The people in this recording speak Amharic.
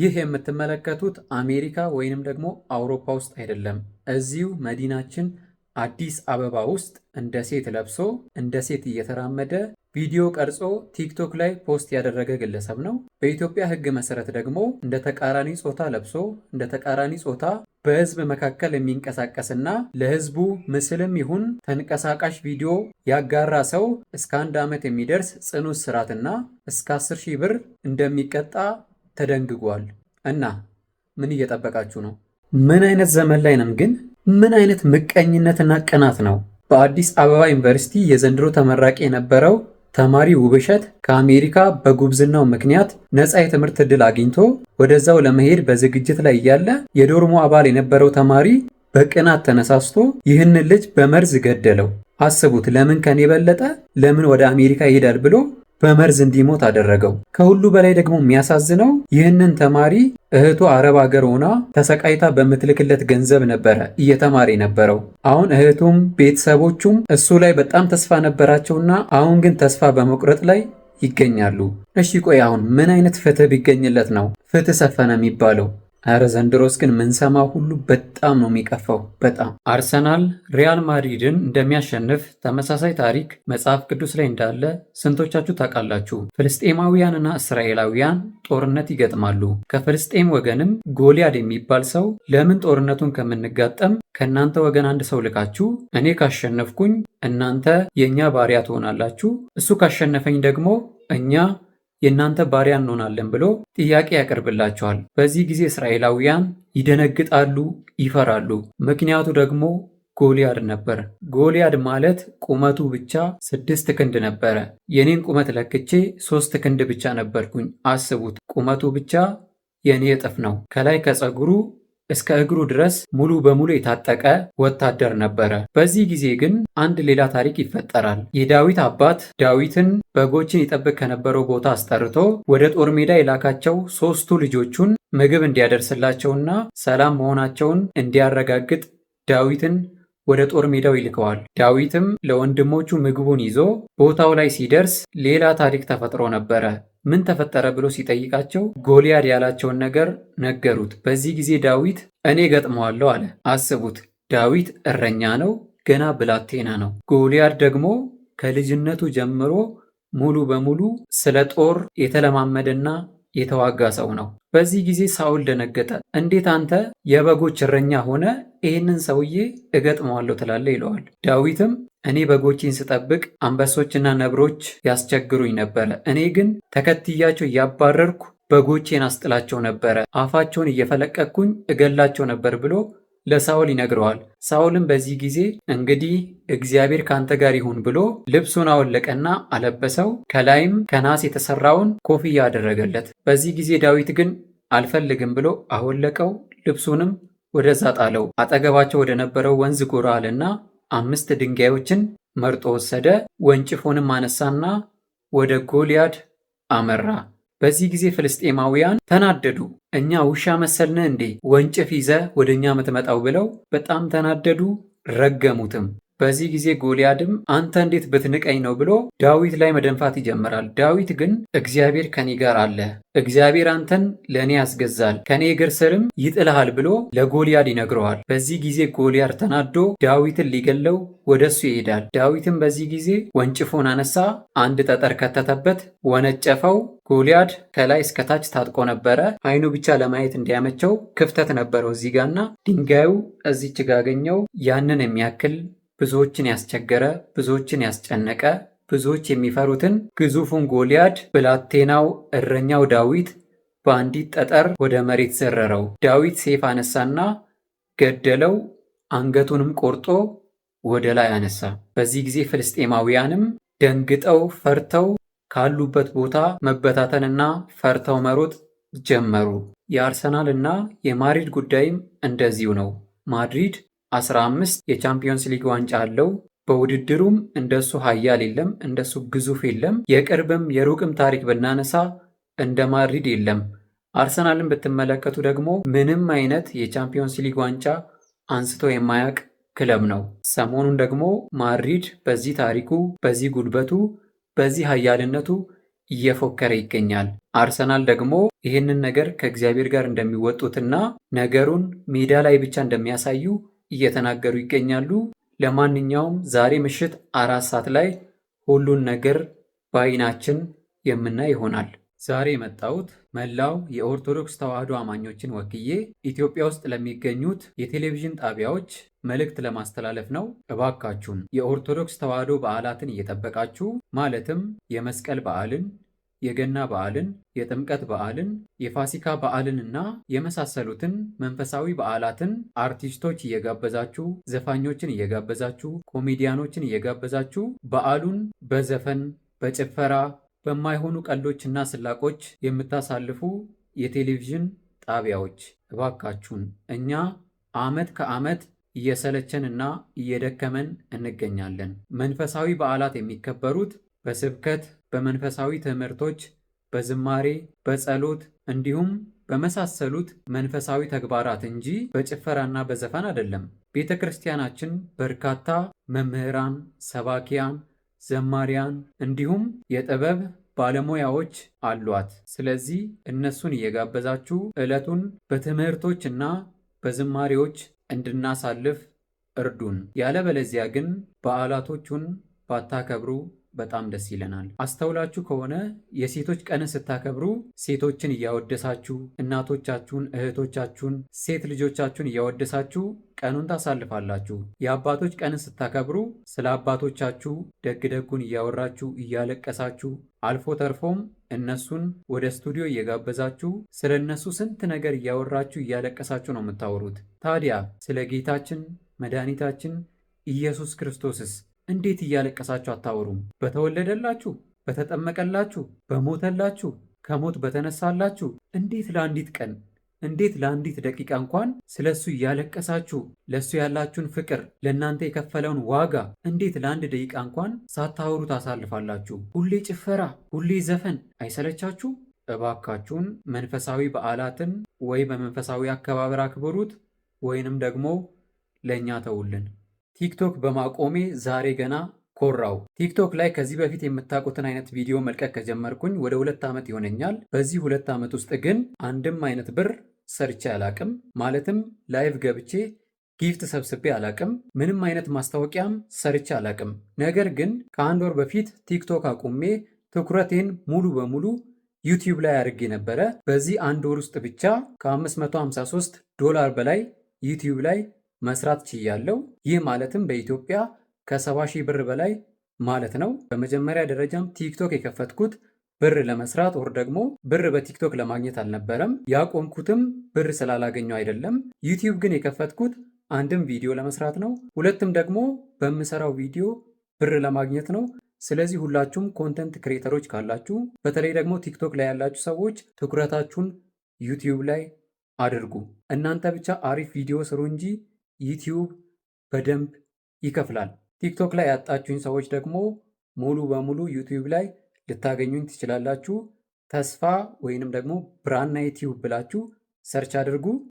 ይህ የምትመለከቱት አሜሪካ ወይንም ደግሞ አውሮፓ ውስጥ አይደለም። እዚሁ መዲናችን አዲስ አበባ ውስጥ እንደ ሴት ለብሶ እንደ ሴት እየተራመደ ቪዲዮ ቀርጾ ቲክቶክ ላይ ፖስት ያደረገ ግለሰብ ነው። በኢትዮጵያ ሕግ መሰረት ደግሞ እንደ ተቃራኒ ጾታ ለብሶ እንደ ተቃራኒ ጾታ በህዝብ መካከል የሚንቀሳቀስና ለህዝቡ ምስልም ይሁን ተንቀሳቃሽ ቪዲዮ ያጋራ ሰው እስከ አንድ ዓመት የሚደርስ ጽኑ እስራትና እስከ 10 ሺህ ብር እንደሚቀጣ ተደንግጓል። እና ምን እየጠበቃችሁ ነው? ምን አይነት ዘመን ላይ ነን? ግን ምን አይነት ምቀኝነትና ቅናት ነው? በአዲስ አበባ ዩኒቨርሲቲ የዘንድሮ ተመራቂ የነበረው ተማሪ ውብሸት ከአሜሪካ በጉብዝናው ምክንያት ነፃ የትምህርት ዕድል አግኝቶ ወደዛው ለመሄድ በዝግጅት ላይ እያለ የዶርሞ አባል የነበረው ተማሪ በቅናት ተነሳስቶ ይህንን ልጅ በመርዝ ገደለው። አስቡት። ለምን ከኔ የበለጠ ለምን ወደ አሜሪካ ይሄዳል ብሎ በመርዝ እንዲሞት አደረገው። ከሁሉ በላይ ደግሞ የሚያሳዝነው ይህንን ተማሪ እህቱ አረብ አገር ሆና ተሰቃይታ በምትልክለት ገንዘብ ነበረ እየተማረ ነበረው። አሁን እህቱም ቤተሰቦቹም እሱ ላይ በጣም ተስፋ ነበራቸውና አሁን ግን ተስፋ በመቁረጥ ላይ ይገኛሉ። እሺ ቆይ አሁን ምን አይነት ፍትህ ቢገኝለት ነው ፍትህ ሰፈነ የሚባለው? አረ ዘንድሮስ ግን ምንሰማው ሁሉ በጣም ነው የሚቀፈው። በጣም አርሰናል ሪያል ማድሪድን እንደሚያሸንፍ ተመሳሳይ ታሪክ መጽሐፍ ቅዱስ ላይ እንዳለ ስንቶቻችሁ ታውቃላችሁ? ፍልስጤማውያንና እስራኤላውያን ጦርነት ይገጥማሉ። ከፍልስጤም ወገንም ጎልያድ የሚባል ሰው ለምን ጦርነቱን ከምንጋጠም ከእናንተ ወገን አንድ ሰው ልካችሁ እኔ ካሸነፍኩኝ እናንተ የእኛ ባሪያ ትሆናላችሁ፣ እሱ ካሸነፈኝ ደግሞ እኛ የእናንተ ባሪያ እንሆናለን ብሎ ጥያቄ ያቀርብላቸዋል። በዚህ ጊዜ እስራኤላውያን ይደነግጣሉ፣ ይፈራሉ። ምክንያቱ ደግሞ ጎልያድ ነበር። ጎልያድ ማለት ቁመቱ ብቻ ስድስት ክንድ ነበረ። የኔን ቁመት ለክቼ ሶስት ክንድ ብቻ ነበርኩኝ። አስቡት፣ ቁመቱ ብቻ የኔ እጥፍ ነው። ከላይ ከፀጉሩ እስከ እግሩ ድረስ ሙሉ በሙሉ የታጠቀ ወታደር ነበረ። በዚህ ጊዜ ግን አንድ ሌላ ታሪክ ይፈጠራል። የዳዊት አባት ዳዊትን በጎችን ይጠብቅ ከነበረው ቦታ አስጠርቶ ወደ ጦር ሜዳ የላካቸው ሦስቱ ልጆቹን ምግብ እንዲያደርስላቸውና ሰላም መሆናቸውን እንዲያረጋግጥ ዳዊትን ወደ ጦር ሜዳው ይልከዋል። ዳዊትም ለወንድሞቹ ምግቡን ይዞ ቦታው ላይ ሲደርስ ሌላ ታሪክ ተፈጥሮ ነበረ። ምን ተፈጠረ ብሎ ሲጠይቃቸው ጎልያድ ያላቸውን ነገር ነገሩት። በዚህ ጊዜ ዳዊት እኔ ገጥመዋለሁ አለ። አስቡት፣ ዳዊት እረኛ ነው፣ ገና ብላቴና ነው። ጎልያድ ደግሞ ከልጅነቱ ጀምሮ ሙሉ በሙሉ ስለ ጦር የተለማመደና የተዋጋ ሰው ነው። በዚህ ጊዜ ሳኦል ደነገጠ። እንዴት አንተ የበጎች እረኛ ሆነ ይህንን ሰውዬ እገጥመዋለሁ ትላለህ? ይለዋል። ዳዊትም እኔ በጎቼን ስጠብቅ አንበሶችና ነብሮች ያስቸግሩኝ ነበረ። እኔ ግን ተከትያቸው እያባረርኩ በጎቼን አስጥላቸው ነበረ፣ አፋቸውን እየፈለቀቅኩኝ እገላቸው ነበር ብሎ ለሳውል ይነግረዋል። ሳውልም በዚህ ጊዜ እንግዲህ እግዚአብሔር ካንተ ጋር ይሁን ብሎ ልብሱን አወለቀና አለበሰው፣ ከላይም ከናስ የተሰራውን ኮፍያ አደረገለት። በዚህ ጊዜ ዳዊት ግን አልፈልግም ብሎ አወለቀው፣ ልብሱንም ወደዛ ጣለው። አጠገባቸው ወደ ነበረው ወንዝ ጎራ አለና አምስት ድንጋዮችን መርጦ ወሰደ፣ ወንጭፉንም አነሳና ወደ ጎልያድ አመራ። በዚህ ጊዜ ፍልስጤማውያን ተናደዱ። እኛ ውሻ መሰልን እንዴ ወንጭፍ ይዘ ወደ እኛ የምትመጣው ብለው በጣም ተናደዱ፣ ረገሙትም። በዚህ ጊዜ ጎልያድም አንተ እንዴት ብትንቀኝ ነው ብሎ ዳዊት ላይ መደንፋት ይጀምራል። ዳዊት ግን እግዚአብሔር ከኔ ጋር አለ፣ እግዚአብሔር አንተን ለእኔ ያስገዛል፣ ከኔ እግር ስርም ይጥልሃል ብሎ ለጎልያድ ይነግረዋል። በዚህ ጊዜ ጎልያድ ተናዶ ዳዊትን ሊገለው ወደሱ ይሄዳል። ዳዊትም በዚህ ጊዜ ወንጭፎን አነሳ፣ አንድ ጠጠር ከተተበት፣ ወነጨፈው። ጎልያድ ከላይ እስከታች ታጥቆ ነበረ። አይኑ ብቻ ለማየት እንዲያመቸው ክፍተት ነበረው እዚህ ጋና ድንጋዩ እዚች ጋገኘው ያንን የሚያክል ብዙዎችን ያስቸገረ፣ ብዙዎችን ያስጨነቀ፣ ብዙዎች የሚፈሩትን ግዙፉን ጎልያድ ብላቴናው እረኛው ዳዊት በአንዲት ጠጠር ወደ መሬት ዘረረው። ዳዊት ሰይፍ አነሳና ገደለው፣ አንገቱንም ቆርጦ ወደ ላይ አነሳ። በዚህ ጊዜ ፍልስጤማውያንም ደንግጠው ፈርተው ካሉበት ቦታ መበታተንና ፈርተው መሮጥ ጀመሩ። የአርሰናልና የማድሪድ ጉዳይም እንደዚሁ ነው። ማድሪድ 15 የቻምፒዮንስ ሊግ ዋንጫ አለው። በውድድሩም እንደሱ ሀያል የለም፣ እንደሱ ግዙፍ የለም። የቅርብም የሩቅም ታሪክ ብናነሳ እንደ ማድሪድ የለም። አርሰናልን ብትመለከቱ ደግሞ ምንም አይነት የቻምፒዮንስ ሊግ ዋንጫ አንስቶ የማያውቅ ክለብ ነው። ሰሞኑን ደግሞ ማድሪድ በዚህ ታሪኩ፣ በዚህ ጉልበቱ፣ በዚህ ሀያልነቱ እየፎከረ ይገኛል። አርሰናል ደግሞ ይህንን ነገር ከእግዚአብሔር ጋር እንደሚወጡትና ነገሩን ሜዳ ላይ ብቻ እንደሚያሳዩ እየተናገሩ ይገኛሉ። ለማንኛውም ዛሬ ምሽት አራት ሰዓት ላይ ሁሉን ነገር በአይናችን የምናይ ይሆናል። ዛሬ የመጣሁት መላው የኦርቶዶክስ ተዋህዶ አማኞችን ወክዬ ኢትዮጵያ ውስጥ ለሚገኙት የቴሌቪዥን ጣቢያዎች መልእክት ለማስተላለፍ ነው። እባካችሁም የኦርቶዶክስ ተዋህዶ በዓላትን እየጠበቃችሁ ማለትም የመስቀል በዓልን የገና በዓልን፣ የጥምቀት በዓልን፣ የፋሲካ በዓልንና የመሳሰሉትን መንፈሳዊ በዓላትን አርቲስቶች እየጋበዛችሁ፣ ዘፋኞችን እየጋበዛችሁ፣ ኮሜዲያኖችን እየጋበዛችሁ በዓሉን በዘፈን በጭፈራ በማይሆኑ ቀልዶችና ስላቆች የምታሳልፉ የቴሌቪዥን ጣቢያዎች እባካችሁን እኛ ዓመት ከዓመት እየሰለቸንና እየደከመን እንገኛለን። መንፈሳዊ በዓላት የሚከበሩት በስብከት በመንፈሳዊ ትምህርቶች፣ በዝማሬ፣ በጸሎት እንዲሁም በመሳሰሉት መንፈሳዊ ተግባራት እንጂ በጭፈራና በዘፈን አይደለም። ቤተ ክርስቲያናችን በርካታ መምህራን፣ ሰባኪያን፣ ዘማሪያን እንዲሁም የጥበብ ባለሙያዎች አሏት። ስለዚህ እነሱን እየጋበዛችሁ ዕለቱን በትምህርቶች እና በዝማሬዎች እንድናሳልፍ እርዱን። ያለበለዚያ ግን በዓላቶቹን ባታከብሩ በጣም ደስ ይለናል። አስተውላችሁ ከሆነ የሴቶች ቀንን ስታከብሩ ሴቶችን እያወደሳችሁ፣ እናቶቻችሁን፣ እህቶቻችሁን፣ ሴት ልጆቻችሁን እያወደሳችሁ ቀኑን ታሳልፋላችሁ። የአባቶች ቀንን ስታከብሩ ስለ አባቶቻችሁ ደግ ደጉን እያወራችሁ እያለቀሳችሁ አልፎ ተርፎም እነሱን ወደ ስቱዲዮ እየጋበዛችሁ ስለ እነሱ ስንት ነገር እያወራችሁ እያለቀሳችሁ ነው የምታወሩት። ታዲያ ስለ ጌታችን መድኃኒታችን ኢየሱስ ክርስቶስስ እንዴት እያለቀሳችሁ አታወሩም? በተወለደላችሁ፣ በተጠመቀላችሁ፣ በሞተላችሁ፣ ከሞት በተነሳላችሁ እንዴት ለአንዲት ቀን እንዴት ለአንዲት ደቂቃ እንኳን ስለ እሱ እያለቀሳችሁ ለእሱ ያላችሁን ፍቅር ለእናንተ የከፈለውን ዋጋ እንዴት ለአንድ ደቂቃ እንኳን ሳታወሩ ታሳልፋላችሁ? ሁሌ ጭፈራ፣ ሁሌ ዘፈን አይሰለቻችሁ? እባካችሁን መንፈሳዊ በዓላትን ወይ በመንፈሳዊ አከባበር አክብሩት፣ ወይንም ደግሞ ለእኛ ተውልን። ቲክቶክ በማቆሜ ዛሬ ገና ኮራው። ቲክቶክ ላይ ከዚህ በፊት የምታውቁትን አይነት ቪዲዮ መልቀቅ ከጀመርኩኝ ወደ ሁለት ዓመት ይሆነኛል። በዚህ ሁለት ዓመት ውስጥ ግን አንድም አይነት ብር ሰርቼ አላቅም። ማለትም ላይቭ ገብቼ ጊፍት ሰብስቤ አላቅም። ምንም አይነት ማስታወቂያም ሰርቼ አላቅም። ነገር ግን ከአንድ ወር በፊት ቲክቶክ አቁሜ ትኩረቴን ሙሉ በሙሉ ዩቲዩብ ላይ አድርጌ ነበረ። በዚህ አንድ ወር ውስጥ ብቻ ከ553 ዶላር በላይ ዩቲዩብ ላይ መስራት ችያለው ይህ ማለትም በኢትዮጵያ ከሰባ ሺህ ብር በላይ ማለት ነው። በመጀመሪያ ደረጃም ቲክቶክ የከፈትኩት ብር ለመስራት ወር ደግሞ ብር በቲክቶክ ለማግኘት አልነበረም። ያቆምኩትም ብር ስላላገኘው አይደለም። ዩቲዩብ ግን የከፈትኩት አንድም ቪዲዮ ለመስራት ነው፣ ሁለትም ደግሞ በምሰራው ቪዲዮ ብር ለማግኘት ነው። ስለዚህ ሁላችሁም ኮንተንት ክሬተሮች ካላችሁ በተለይ ደግሞ ቲክቶክ ላይ ያላችሁ ሰዎች ትኩረታችሁን ዩቲዩብ ላይ አድርጉ። እናንተ ብቻ አሪፍ ቪዲዮ ስሩ እንጂ ዩቲዩብ በደንብ ይከፍላል። ቲክቶክ ላይ ያጣችሁኝ ሰዎች ደግሞ ሙሉ በሙሉ ዩቲዩብ ላይ ልታገኙኝ ትችላላችሁ። ተስፋ ወይንም ደግሞ ብራና ዩቲዩብ ብላችሁ ሰርች አድርጉ።